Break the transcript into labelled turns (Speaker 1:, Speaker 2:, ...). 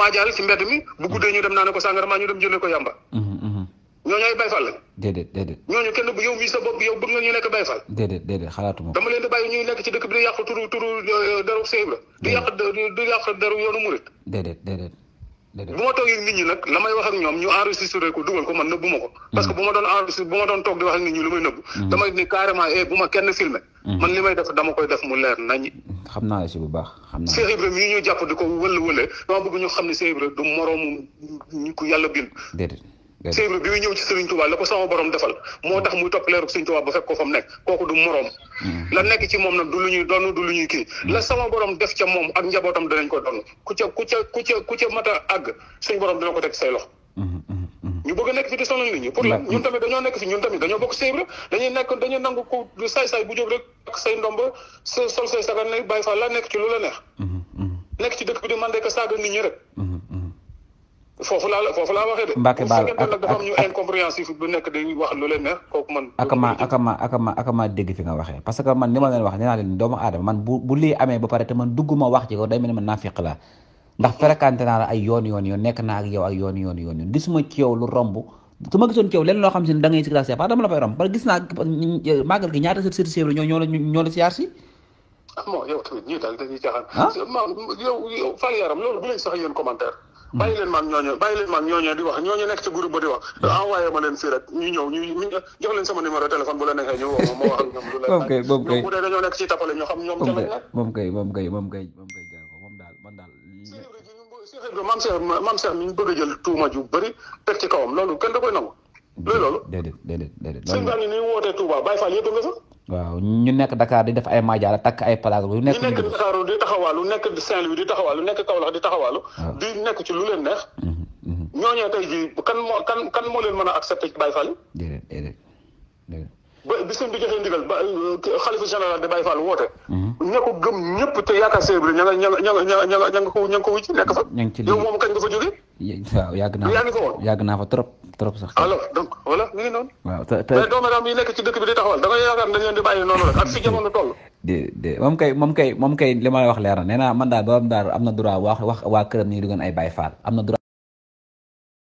Speaker 1: maajaal ci mbedd mi bu guddee ñu dem naa ne ko sàngara maa ñu dem jëlee ko yàmba mm-hmm, mm-hmm. ñooñu ay bayfal lañ
Speaker 2: déedéet déedéet
Speaker 1: ñooñu kenn yow mii sa bopp yow bëgg nga ñu nekk bayfal
Speaker 2: déedéet déedéet xalaatu
Speaker 1: dama leen bay bàyyi ñuy nekk ci dëkk bi di yàq turu turu euh, daru sëy la di yàq di yàq daru yoonu murit déedéet déedéet bu ma toogee nit ñi nag la may wax ñoom ñu enregistré ko dugal ko man nëbbu ko parce que mm. bu ma doon enregistré bu ma doon toog di wax ak nit ñi nëbbu mm. damay ni carrément eh, kenn filmé Mm-hmm. man li may def dama koy def mu leer nañ.
Speaker 2: xam naa si bu baax
Speaker 1: xam naa. Cheikh Ibrahima yi ñu jàpp di ko wël wële dama bëgg ñu xam ne Cheikh Ibrahima du moroom ñu ko yàlla bind. déedéet déedéet bi muy ñëw ci Serigne Touba la ko sama borom defal moo tax muy topp leeru Serigne Touba ba fekk ko fa nekk kooku du moroom. Mm-hmm. la nekk ci moom na du lu ñuy doon du lu ñuy kii. la mm-hmm. sama borom def ca moom ak njabootam danañ ko doon ku ca ku ca ku ca ku ca mat a àgg suñu borom dina ko teg say ñu bëgg nekk fi di sonal nit ñi pour lan ñun tamit dañoo nekk fi ñun tamit dañoo bokk sëy la dañuy nekk dañuy nangu ku saay saay bu jóg rek ak say ndomba sa sol say sagar ne bàyyi fa la nekk ci lu la neex mhm, mhm. nekk ci dëkk bi di mandé ka saaga nit ñi rek mhm, foofu laa foofu laa waxee de mbàkke baal ak dafa am ñu incompréhensif bu nekk di wax lu leen neex kooku man
Speaker 2: akama akama akama akama dégg fi nga parce que man li leen wax nee leen doomu aadama man bu ba te man wax ci ko day mel man ndax ferekante naa la ay yoon yoon yoon nekk naa ak yow ak yoon yoon yoon yoon gisuma lu romb su ma gisoon ci yow lenn xam si ne da ngay sigracé pas dama la ñoo ñoo la ñoo la siyaar si
Speaker 1: ah bon ah? loolu bu sax yéen commentaire hmm. bàyyi leen maam ñooñu bàyyi leen ba di wax hmm. ma leen fii rek ñu ñëw ñu jox leen sama numéro téléphone bu la neexee ñu woo ma ma wax ak ñoom lu leen moom moom kay bu dee nekk ci tapale kay
Speaker 2: moom kay moom kay moom kay
Speaker 1: Cheikh Ibrahima maam Cheikh maam Cheikh mi ngi bëgg a jël tuuma ju bëri teg ci kawam loolu kenn da koy nangu. léegi loolu déedéet
Speaker 2: déedéet déedéet. sëñ baa ngi
Speaker 1: nii wootee Touba Baye Fall
Speaker 2: yëpp nga waaw ñu nekk Dakar di def ay maajaara takk ay palaas lu nekk. ñu nekk Dakar
Speaker 1: di taxawaalu nekk Saint-Louis di taxawaalu nekk Kaolack di taxawaalu. di nekk ci mhm, mhm. a ba bi sëñ bi joxee ndigal ba euh, xalifa général de Baye Fall woote. Mhm. ña ko gëm ñëpp te yaakaar sëriñ bi ña nga ña nga ña nga ña nga ko ña nga ko wuy ci nekk
Speaker 2: fa. trop trop sax. alors
Speaker 1: donc voilà mi ngi
Speaker 2: noonu.
Speaker 1: ci dëkk bi di taxawal da ngay yaakaar ne dañu leen di bàyyi noonu rek
Speaker 2: ak li ma wax leer na nee naa am na droit wax wax waa këram ñu ngi doon ay Baye Fall am na droit.